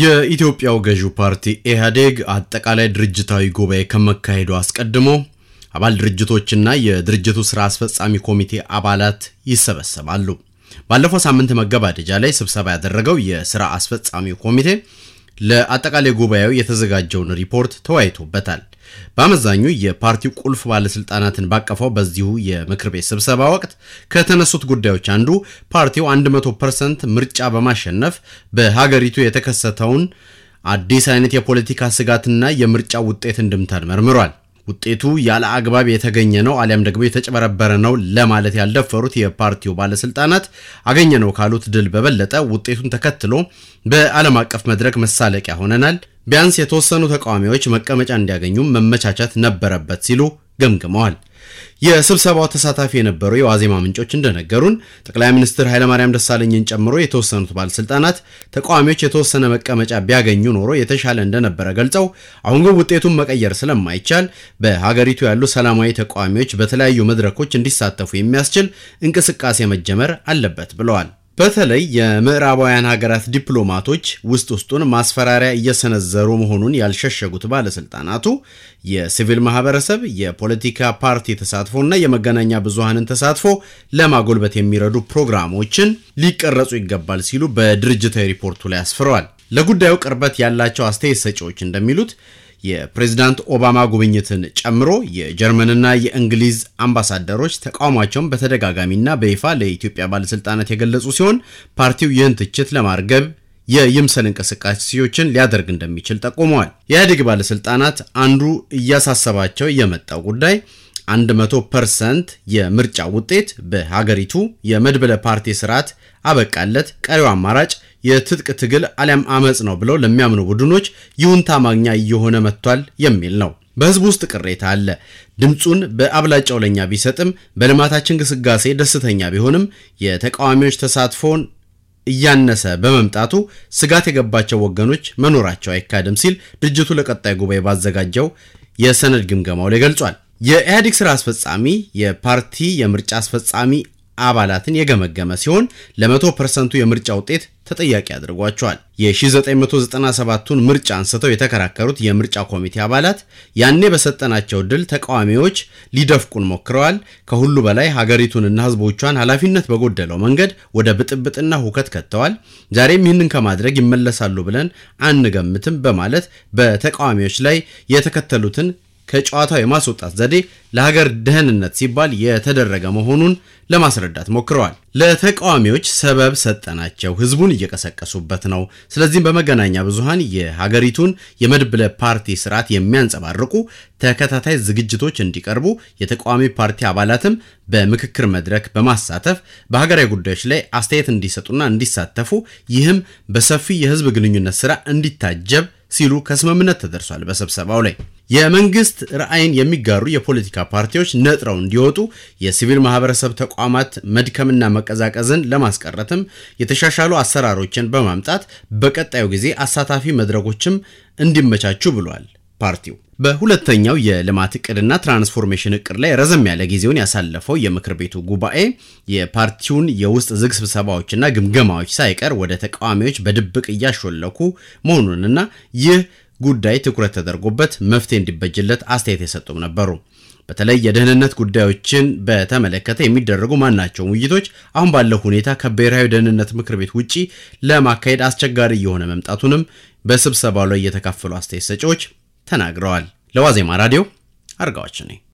የኢትዮጵያው ገዢው ፓርቲ ኢህአዴግ አጠቃላይ ድርጅታዊ ጉባኤ ከመካሄዱ አስቀድሞ አባል ድርጅቶችና የድርጅቱ ስራ አስፈጻሚ ኮሚቴ አባላት ይሰበሰባሉ። ባለፈው ሳምንት መገባደጃ ላይ ስብሰባ ያደረገው የስራ አስፈጻሚ ኮሚቴ ለአጠቃላይ ጉባኤው የተዘጋጀውን ሪፖርት ተወያይቶበታል። በአመዛኙ የፓርቲው ቁልፍ ባለስልጣናትን ባቀፈው በዚሁ የምክር ቤት ስብሰባ ወቅት ከተነሱት ጉዳዮች አንዱ ፓርቲው 100 ፐርሰንት ምርጫ በማሸነፍ በሀገሪቱ የተከሰተውን አዲስ አይነት የፖለቲካ ስጋትና የምርጫ ውጤት እንድምታን መርምሯል። ውጤቱ ያለ አግባብ የተገኘ ነው አሊያም ደግሞ የተጨበረበረ ነው ለማለት ያልደፈሩት የፓርቲው ባለስልጣናት አገኘ ነው ካሉት ድል በበለጠ ውጤቱን ተከትሎ በዓለም አቀፍ መድረክ መሳለቂያ ሆነናል ቢያንስ የተወሰኑ ተቃዋሚዎች መቀመጫ እንዲያገኙም መመቻቸት ነበረበት ሲሉ ገምግመዋል። የስብሰባው ተሳታፊ የነበሩ የዋዜማ ምንጮች እንደነገሩን ጠቅላይ ሚኒስትር ኃይለማርያም ደሳለኝን ጨምሮ የተወሰኑት ባለስልጣናት ተቃዋሚዎች የተወሰነ መቀመጫ ቢያገኙ ኖሮ የተሻለ እንደነበረ ገልጸው አሁን ግን ውጤቱን መቀየር ስለማይቻል በሀገሪቱ ያሉ ሰላማዊ ተቃዋሚዎች በተለያዩ መድረኮች እንዲሳተፉ የሚያስችል እንቅስቃሴ መጀመር አለበት ብለዋል። በተለይ የምዕራባውያን ሀገራት ዲፕሎማቶች ውስጥ ውስጡን ማስፈራሪያ እየሰነዘሩ መሆኑን ያልሸሸጉት ባለስልጣናቱ የሲቪል ማህበረሰብ፣ የፖለቲካ ፓርቲ ተሳትፎና የመገናኛ ብዙሃንን ተሳትፎ ለማጎልበት የሚረዱ ፕሮግራሞችን ሊቀረጹ ይገባል ሲሉ በድርጅታዊ ሪፖርቱ ላይ አስፍረዋል። ለጉዳዩ ቅርበት ያላቸው አስተያየት ሰጪዎች እንደሚሉት የፕሬዚዳንት ኦባማ ጉብኝትን ጨምሮ የጀርመንና የእንግሊዝ አምባሳደሮች ተቃውሟቸውን በተደጋጋሚና በይፋ ለኢትዮጵያ ባለሥልጣናት የገለጹ ሲሆን ፓርቲው ይህን ትችት ለማርገብ የይምሰል እንቅስቃሴዎችን ሊያደርግ እንደሚችል ጠቁመዋል። የኢህአዴግ ባለሥልጣናት አንዱ እያሳሰባቸው የመጣው ጉዳይ 100 ፐርሰንት የምርጫ ውጤት በሀገሪቱ የመድበለ ፓርቲ ስርዓት አበቃለት፣ ቀሪው አማራጭ የትጥቅ ትግል አሊያም አመፅ ነው ብለው ለሚያምኑ ቡድኖች ይሁንታ ማግኛ እየሆነ መጥቷል የሚል ነው። በህዝብ ውስጥ ቅሬታ አለ። ድምፁን በአብላጫው ለኛ ቢሰጥም በልማታችን ግስጋሴ ደስተኛ ቢሆንም የተቃዋሚዎች ተሳትፎን እያነሰ በመምጣቱ ስጋት የገባቸው ወገኖች መኖራቸው አይካድም ሲል ድርጅቱ ለቀጣይ ጉባኤ ባዘጋጀው የሰነድ ግምገማው ላይ ገልጿል። የኢህአዴግ ስራ አስፈጻሚ የፓርቲ የምርጫ አስፈጻሚ አባላትን የገመገመ ሲሆን ለመቶ ፐርሰንቱ የምርጫ ውጤት ተጠያቂ አድርጓቸዋል። የ1997ቱን ምርጫ አንስተው የተከራከሩት የምርጫ ኮሚቴ አባላት ያኔ በሰጠናቸው ድል ተቃዋሚዎች ሊደፍቁን ሞክረዋል፣ ከሁሉ በላይ ሀገሪቱንና ሕዝቦቿን ኃላፊነት በጎደለው መንገድ ወደ ብጥብጥና ሁከት ከተዋል፣ ዛሬም ይህንን ከማድረግ ይመለሳሉ ብለን አንገምትም በማለት በተቃዋሚዎች ላይ የተከተሉትን ከጨዋታው የማስወጣት ዘዴ ለሀገር ደህንነት ሲባል የተደረገ መሆኑን ለማስረዳት ሞክረዋል። ለተቃዋሚዎች ሰበብ ሰጠናቸው፣ ህዝቡን እየቀሰቀሱበት ነው። ስለዚህም በመገናኛ ብዙሃን የሀገሪቱን የመድብለ ፓርቲ ስርዓት የሚያንጸባርቁ ተከታታይ ዝግጅቶች እንዲቀርቡ የተቃዋሚ ፓርቲ አባላትም በምክክር መድረክ በማሳተፍ በሀገራዊ ጉዳዮች ላይ አስተያየት እንዲሰጡና እንዲሳተፉ ይህም በሰፊ የህዝብ ግንኙነት ስራ እንዲታጀብ ሲሉ ከስምምነት ተደርሷል በስብሰባው ላይ የመንግስት ራዕይን የሚጋሩ የፖለቲካ ፓርቲዎች ነጥረው እንዲወጡ የሲቪል ማህበረሰብ ተቋማት መድከምና መቀዛቀዝን ለማስቀረትም የተሻሻሉ አሰራሮችን በማምጣት በቀጣዩ ጊዜ አሳታፊ መድረኮችም እንዲመቻቹ ብሏል ፓርቲው። በሁለተኛው የልማት እቅድና ትራንስፎርሜሽን እቅድ ላይ ረዘም ያለ ጊዜውን ያሳለፈው የምክር ቤቱ ጉባኤ የፓርቲውን የውስጥ ዝግ ስብሰባዎችና ግምገማዎች ሳይቀር ወደ ተቃዋሚዎች በድብቅ እያሾለኩ መሆኑንና ይህ ጉዳይ ትኩረት ተደርጎበት መፍትሄ እንዲበጅለት አስተያየት የሰጡም ነበሩ። በተለይ የደህንነት ጉዳዮችን በተመለከተ የሚደረጉ ማናቸውም ውይይቶች አሁን ባለው ሁኔታ ከብሔራዊ ደህንነት ምክር ቤት ውጪ ለማካሄድ አስቸጋሪ እየሆነ መምጣቱንም በስብሰባው ላይ የተካፈሉ አስተያየት ሰጪዎች ተናግረዋል። ለዋዜማ ራዲዮ አርጋዎች ነኝ።